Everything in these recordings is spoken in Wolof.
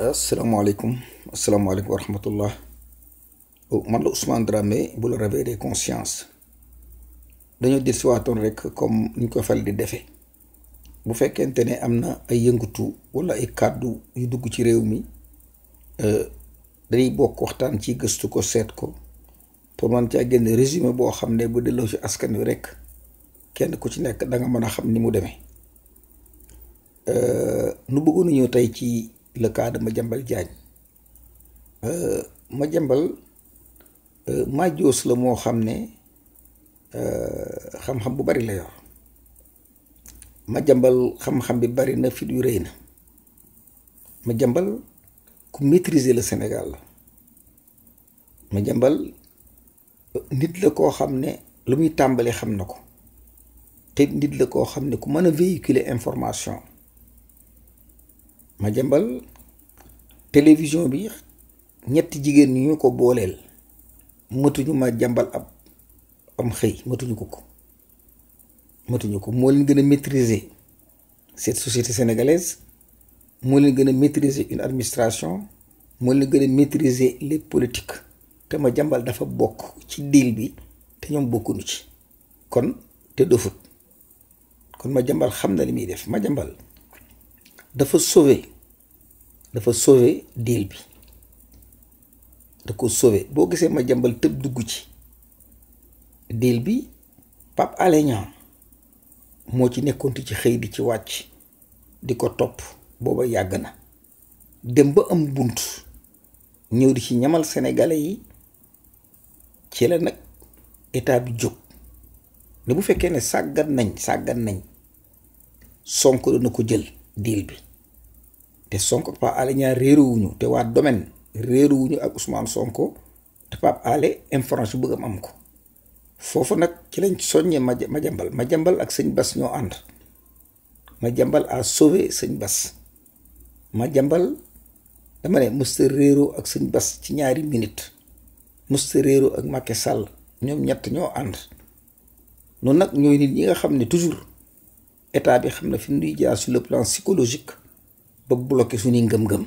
asalaamaaleykum asalaamaaleykum wa rahmatullah oh, man la Ousmane Dramé bu la réveillé conscience dañoo dir rek comme ni ñu ko fal di defee bu fekkente ne am na ay yëngatu wala ay kàddu yu dugg ci réew mi euh, dañuy bokk waxtaan ci gëstu ko seet ko pour man caa génn résumé boo xam ne bu delloo ci askan wi rek kenn ku ci nekk da nga mën a xam ni mu demee euh, nu bëggoon a tey ci. le cas de Madiambal ma euh, Madiambal euh, maajoos la moo xam ne euh, xam-xam bu bari la yor Madiambal xam-xam bi bari na fit yu rëy na ma Madiambal ku maîtriser le Sénégal la Madiambal nit la koo xam ne lu muy tàmbali xam na ko te nit la koo xam ne ku mën a véhiculer information ma jëmbal télévision bi ñetti jigéen ñi ñu ko booleel matuñu ma jàmbal ab am xëy matuñu ko ko matuñu ko moo leen gën a maîtriser cette société sénégalaise moo leen gën a maitriser une administration moo leen gën a maitriser les politiques te ma jàmbal dafa bokk ci deal bi te ñoom bokkuñu ci kon te dofut kon ma jàmbal xam na li muy def ma jàmbal dafa sauver dafa sauver deal bi da ko sauver boo gisee ma jàmbal tëb dugg ci deal bi Pape Alé moo ci nekkoon ci xëy di ci wàcc di ko topp booba yàgg na dem ba am bunt ñëw di ci ñamal sénégalais yi ci la nag état bi jóg ne bu fekkee ne sàggat nañ sàggat nañ sonk dana ko jël deal bi te Sonko Pape Alé Niang réeruwuñu te waa domaine réeruwuñu ak Ousmane Sonko te Pape Alé information bëgg am am ko foofu nag ci lañ soññee ma ma jambal ma jambal ak sëñ Bas ñoo ànd ma jambal a sauvé sëñ Bas ma jambal dama ne mësta réeroo ak sëñ Bas ci ñaari minute mësta ak Macky Sall ñoom ñett ñoo ànd noonu nag ñooy nit ñi nga xam ne toujours état bi xam na fi nuy jaar sur le plan psychologique ba su suñuy ngëm-ngëm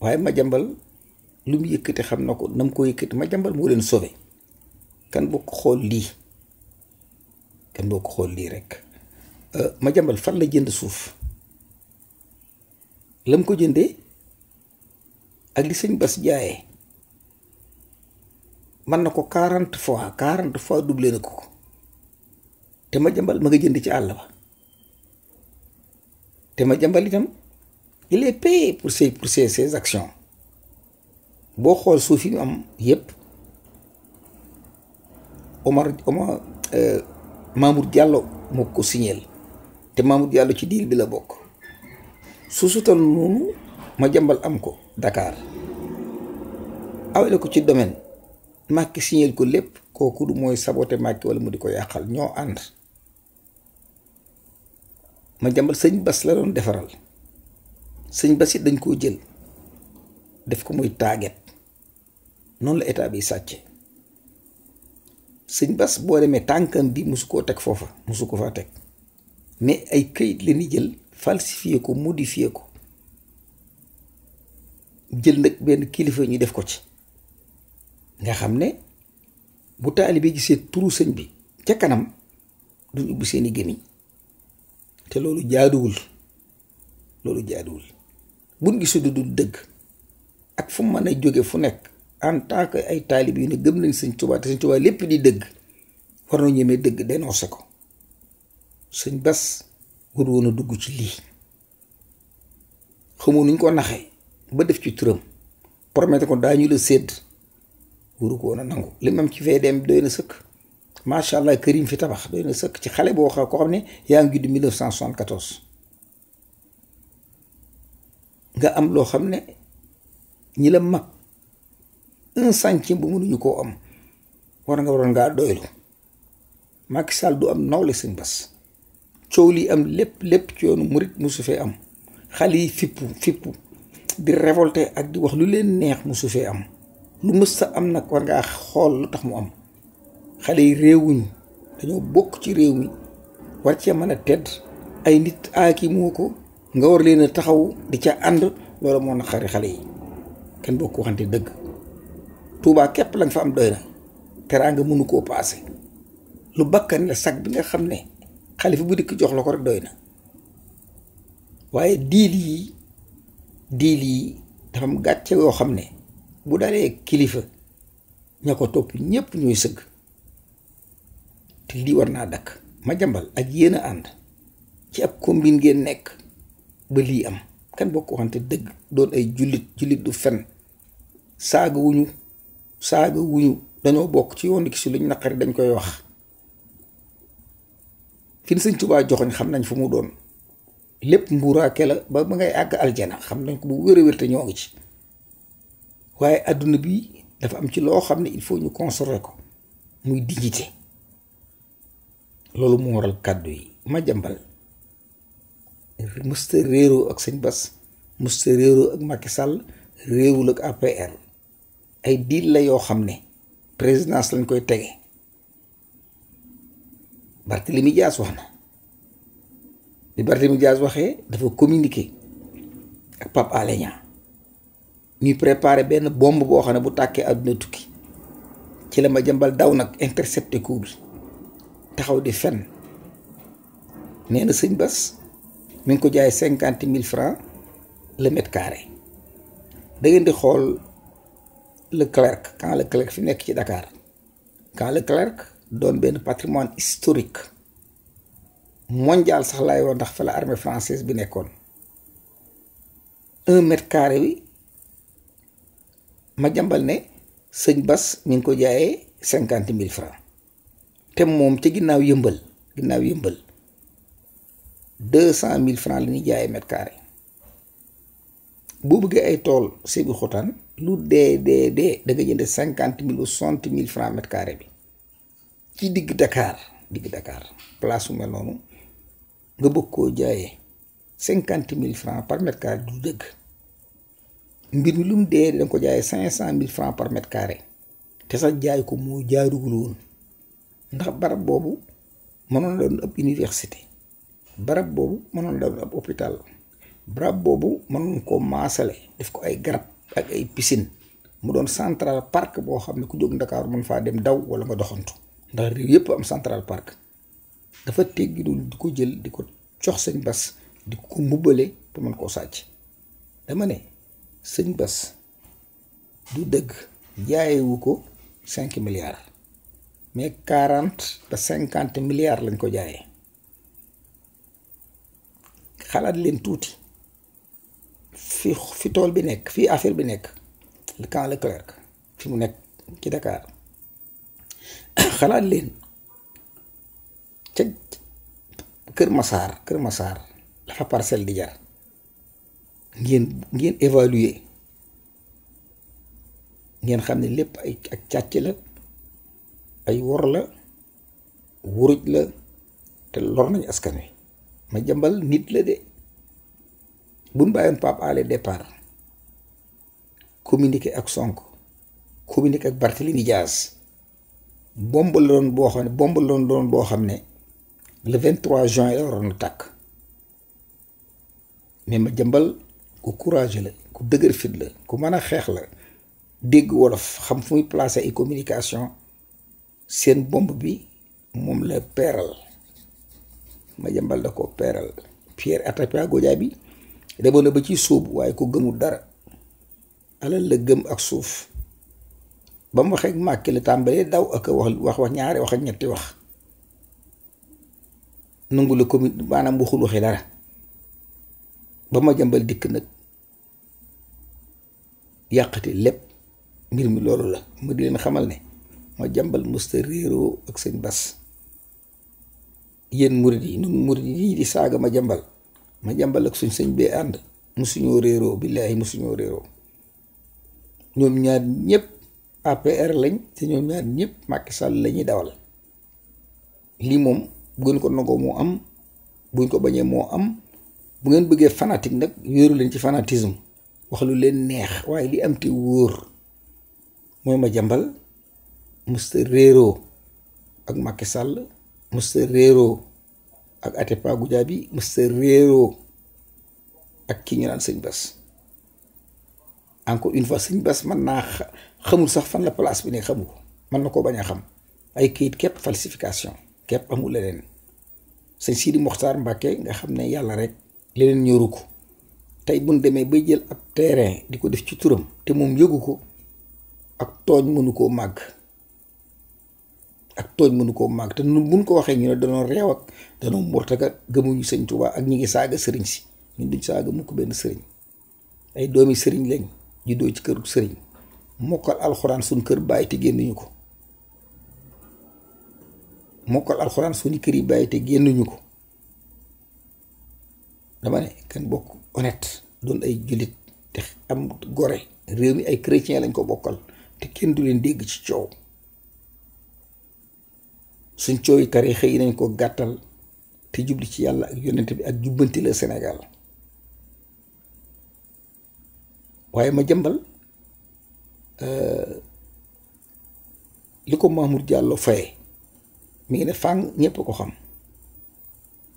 waaye ma Madiambal lu mu yëkkati xam na ko na mu ko yëkkati Madiambal moo leen sauvé kan boo ko xool lii kan boo ko xool lii rek euh, ma jambal fan la jënd suuf la mu ko jëndee ak li sëñ Bas jaayee mën na ko quarante fois quarante fois doublé na ko te Madiambal ma nga jënd ci àll ba te Madiambal itam il est pour ses pour ses ses actions boo xool suuf yi mu am yëpp Omar Omar euh, Mamour Diallo moo ko signeel te Mamour Diallo ci diil bi la bokk su sutal noonu Madiambal am ko dakaar awale ko ci domaine Macky signeel ko lépp kooku du mooy saboté Macky wala mu di ko yàqal ñoo ànd ma jàmbal sëñ bas la doon defaral sëñ bas it dañ koo jël def ko muy taaget noonu la état bi sàcce sëñ bas boo demee tànkam bi mosu koo teg foofa mosu ko faa teg mais ay këyit la ñuy jël falsifié ko modifié ko jël nag benn kilifa ñu def ko ci nga xam ne bu taali taalibe gisee turu sëñ bi ca kanam duñ ubbi seeni gémmiñ te loolu jaaduwul loolu jaaduwul buñ gisee du dul dëgg ak fu mën a jóge fu nekk en tant que ay taalib yu ne gëm nañ sëñ Tuubaa te sëñ lépp di dëgg war na ñemee dëgg dénoncé ko sëñ Bas war woon a dugg ci lii xamoo nuñ ko naxee ba def ci turam promettre ko daa ñu la sédd waru ko woon a nangu li mam ci fee dem doy na sëkk macha allah kër yi mu fi tabax ba na sëkk ci xale boo xam koo xam ne yaa ngi judd 1974 nga am loo xam ne ñi la mag un centime bu mënuñu koo am war nga waroon ngaa doylu Macky Sall du am nawle sëñ bas coow li am lépp lépp ci yoonu murit musu fee am xale yi fippu fippu di révolté ak di wax lu leen neex musu fee am lu mës sa am nag war ngaa xool lu tax mu am xale yi réewuñu dañoo bokk ci réew mi war cee mën a tedd ay nit aaki moo ko nga war leen a taxaw di ca ànd loolu moo naqari xale yi kenn bokk waxante dëgg Tuubaa képp la nga fa am doy na teraanga mënu koo paase lu bakkan la sag bi nga xam ne xalifa bu dikk jox la ko rek doy na waaye diil yi diil yi dafa am gàcce yoo xam ne bu dalee kilifa ña ko topp ñépp ñooy sëgg te lii war naa dakk ma jambal ak yéen a ànd ci ab combine ngeen nekk ba lii am kan bokk waxante dëgg doon ay jullit jullit du fen saaga wuñu saaga wuñu dañoo bokk ci yoon ki si luñ naqari dañ koy wax fi sëñ Tuubaa joxoñ xam nañ fu mu doon lépp mbuuraake la ba ba ngay àgg aljana xam nañ ko bu wér wér te ñoo ngi ci waaye àdduna bi dafa am ci loo xam ne il faut ñu conserver ko muy dignité loolu moo waral kàddu yi ma Madiambal mësta réeroo ak sëñ bas mësta réeroo ak Macky Sall réewul ak APR ay diil la yoo xam ne présidence lañ koy tege Barthélemy Dias wax na li Barthélemy Dias waxee dafa communiquer ak Pape Alé Niang ñuy préparer benn bomb boo xam ne bu tàkkee àdduna tukki ci la ma Madiambal daw nag intercepté coup taxaw di fen nee sëñ bas mi ngi ko jaay cinquante mille francs le mètre carré da ngeen di xool le Leclerc quand Leclerc fi nekk ci Dakar quand Leclerc doon benn patrimoine historique mondial sax laay woon ndax fa la armée française bi nekkoon un mètre carré bi ma jàmbal ne sëñ bas mi ngi ko jaayee cinquante mille francs te moom ca ginnaaw yëmbal ginnaaw yëmbal deux cent mille francs lañuy ñuy jaayee mètre carré boo bëggee ay tool sébi xotaan lu dee dee dee da nga cinquante mille ou soixante mille francs mètre carré bi ci digg Dakar digg Dakar place mel noonu nga bëgg koo jaayee cinquante mille francs par mètre carré du dëgg mbir mi lu mu dee da nga ko jaayee cinq cent mille francs par mètre carré te sax jaay ko moo jaarugul woon ndax barab boobu mënoon doon ab université barab boobu mënoon doon ab hôpital barab boobu mënoon koo maasale def ko ay garab ak ay piscine mu doon central park boo xam ne ku jóg Ndakaaru mën faa dem daw wala nga doxantu ndax réew yëpp am central park dafa teggidul du ko jël di ko jox sëñ Bas di ko mbubbale pour man koo sàcc dama ne sëñ Bas du dëgg jaayewu ko cinq milliards mais quarante ba cinquante milliards lañ ko jaayee xalaat leen tuuti fi fi tool bi nekk fii affaire bi nekk le camp fi mu nekk ci dakaar xalaat leen ca Kër Massar Kër Massar la fa di jar ngeen ngeen évaluer ngeen xam ne lépp ay ak càcc la ay wor la wuruj la te lor nañ askan wi ma jëmbal nit la de buñ bàyyoon Pape Alé départ communiqué ak sonk communiqué ak Barthélémy Dias bomb la doon boo xam ne la doon boo xam ne le 23 juin la waroon a tàkk mais ma jëmbal ku courage la ku dëgër fit la ku mën a xeex la dégg wolof xam fu muy placer ay communication seen bomb bi moom la peeral jëmbal da ko peeral Pierre Atepa Goudiaby demoon na ba ci sóobu waaye ko gëmul dara alal la gëm ak suuf ba mu waxee Macky la tàmbalee daw ak wax wax wax ñaari wax ak ñetti wax nangu la commune maanaam waxul waxi dara ba Madiambal dikk nag yàqti lépp ngir mi loolu la ma di leen xamal ne ma jàmbal musta réeroo ak sëñ bas yéen murid yi nun murid yi di saaga ma jàmbal ma jambal ak suñ sëñ bee ànd musuñoo réeroo billaahi musuñoo réeroo ñoom ñaar ñëpp APR lañ te ñoom ñaar ñëpp Macky Sall la ñuy dawal lii moom bu ko nangoo moo am buñ ko bañee moo am bu ngeen bëggee fanatique nag yóoru leen ci fanatisme wax lu leen neex waaye li am te wóor mooy ma jàmbal musta réeroo ak Macky Sall musta réeroo ak Atepa Goudiaby musta réeroo ak kii ñu naan sëñ Bass encore une fois sëñ Bass mën naa xamul sax fan la place bi ne xamu ko mën na koo bañ a xam ay kayit képp falsification képp amul leneen sëñ Sidi Mokhtar Mbacke nga xam ne yàlla rek leneen ñoru ko tey buñ demee bay jël ab terrain di ko def ci turam te moom yëgu ko ak tooñ mënu koo màgg ak tooñ mënu koo màgg te nun buñ ko waxee ñu ne danoo réew ak danoo murtaka gëmuñu sëñ Tuubaa ak ñu ngi saaga sëriñ si ñu ñun duñ saaga mukk benn sëriñ ay doomi sëriñ lañ juddoo ci kër sëriñ mokkal alxuraan suñ kër bàyyi te génnuñu ko mokkal alxuraan suñu kër yi bàyyi te génnuñu ko dama ne kan bokk honnête doon ay jullit te am gore réew mi ay chrétien lañ ko bokkal te kenn du leen dégg ci coow suñ cooykat yi xëy nañ ko gàttal te jubli ci yàlla ak yonent bi ak jubbanti la Sénégal waaye ma jëmbal euh, li ko Mamour Diallo faye mu ngi ne fàng ñépp ko xam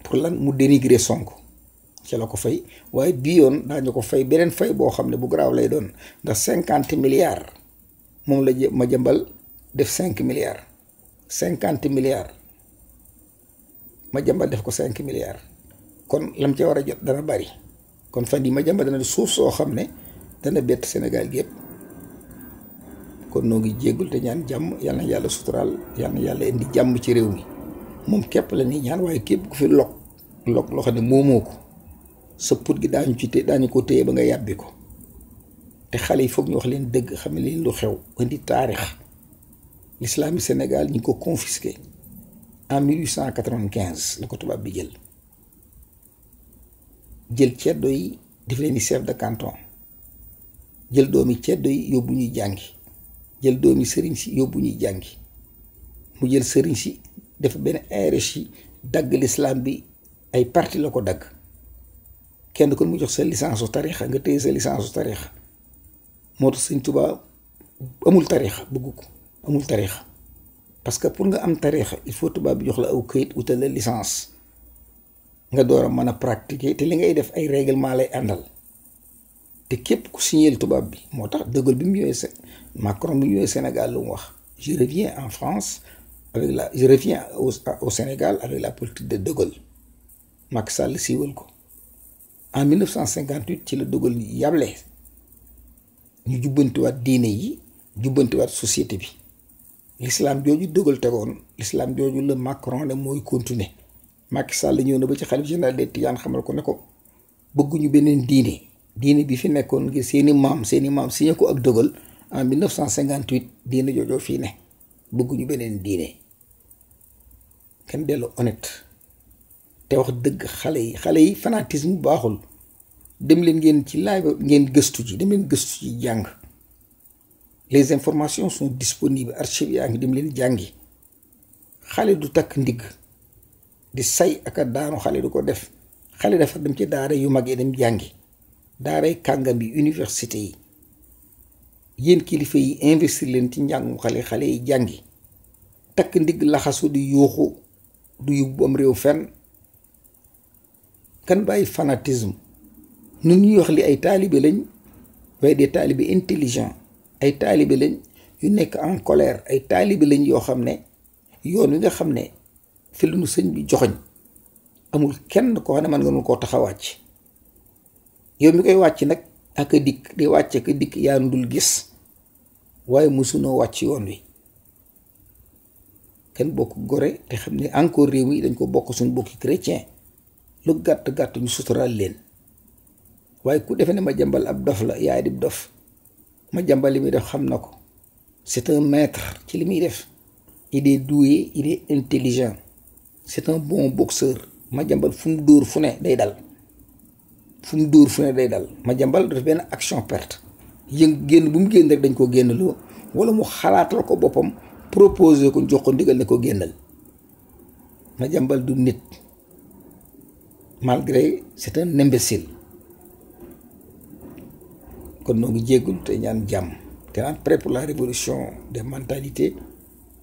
pour lan mu dénigrer sonk ci la ko fay waaye bii yoon daañu ko fay beneen fay boo xam ne bu garaaw lay doon ndax cinquante milliards moom la ma jëmbal def cinq milliards cinquante milliards ma jàmba def ko cinq milliards kon lam ca war a jot dana bari kon fan yi ma jàmba dana suuf soo xam ne dana bett Sénégal gépp kon noo ngi jéggul te ñaan jàmm yàlla yàlla suturaal yàlla yàlla indi jàmm ci réew mi moom képp la ni ñaan waaye képp ku fi lok lok loo ne moomoo ko sa put gi daañu ci té daañu ko téye ba nga yàbbi ko te xale yi foog ñu wax leen dëgg xam ne leen lu xew indi taarix l'islaamu Sénégal ñu ko confisqué en 1895 la ko tubaab bi jël jël ceddo yi def leen ni chef de canton jël doomi ceddo yi yóbbu ñuy jàngi jël doomi sëriñ si yóbbu ñuy jàngi mu jël sëriñ si def benn ARS yi dagg lislaam bi ay parti la ko dagg kenn kon mu jox sa licence su tarixa nga téye sa licence su tarixa moo tax sëñ Tuubaa amul tarixa bëgg ko amul tariixa parce que pour nga am tariixa il faut tubaab bi jox la aw këyit wutal la licence nga door a mën a pratiquer te li ngay def ay réglement lay àndal te képp ku signeel tubaab bi moo tax De bi mu ñëwee Macron bi mu ñëwee Sénégal lu mu wax je reviens en France avec la je reviens au au Sénégal avec la politique de De Gaulle Macky Sall siiwal ko en 1958 ci la De Gaulle yable ñu jubbantiwaat diine yi jubbantiwaat société bi. l'islam jooju dëggal tegoon lislaam jooju la Macron ne mooy continuer Macky Sall ñëw na ba ci xalif général des Tidianes xamal ko ne ko bëgguñu beneen diine diine bi fi nekkoon ngir seeni maam seeni maam signé ko ak dëggal en 1958 diine joojoo fii ne bëgguñu beneen diine kenn dellu honnête te wax dëgg xale yi xale yi fanatisme baaxul dem leen ngeen ci laaj ngeen gëstu ci dem leen gëstu ci jàng les informations sont disponible archives yaa ngi dem leen jàngi xale du takk ndigg di say ak a daanu xale du ko def xale dafa dem ci daara yu mag yi dem jàngi daaray kàngam yi université yi yéen kilifa yi investir leen ci njàngum xale xale yi jàngi takk ndigg laxasu di yuuxu du yóbbu am réew fenn kan bàyyi fanatisme nun ñuy wax li ay taalibe lañ waaye des taalibe intelligent ay taalibe lañ yu nekk en colère ay taalibe lañ yoo xam ne yoon wi nga xam ne fi lu sëñ bi joxoñ amul kenn ko xam ne man nga nu koo tax a wàcc yow mi koy wàcc nag ak a dikk di wàcc ak a dikk yaa dul gis waaye mosunoo wàcc yoon wi kenn bokk gore te xam ne encore réew mi dañ ko bokk suñu bokki chrétien lu gàtt gàtt ñu sutural leen waaye ku defe ne ma jàmbal ab dof la yaay di dof ma jàmba li muy def xam na ko c'est un maître ci li muy def il est doué il est intelligent c'est un bon boxeur ma jàmbal fu mu dóor fu ne day dal fu mu dóor fu ne day dal ma jàmbal def benn action perte yëng génn bu mu génn dañ ko génnaloo wala mu xalaatal ko boppam proposé ko jox ko ndigal ne ko génnal ma jàmbal du nit malgré c'est un imbécile kon noo ngi jéggul te ñaan jàmm te naan prêt pour la révolution des mentalités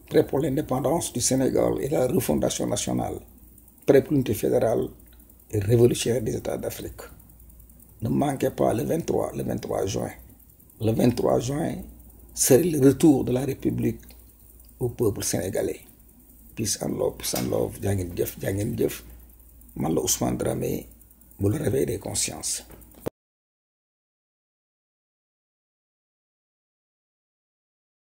prêt pour l'indépendance du Sénégal et la refondation nationale prêt pour l'unité fédérale et révolutionnaire des États d'Afrique ne manquez pas le 23 le 23 juin le 23 juin serait le retour de la République au peuple sénégalais peace and love peace and love jaa ngeen jëf jaa ni jëf man la Ousmane Dramé mu le réveil des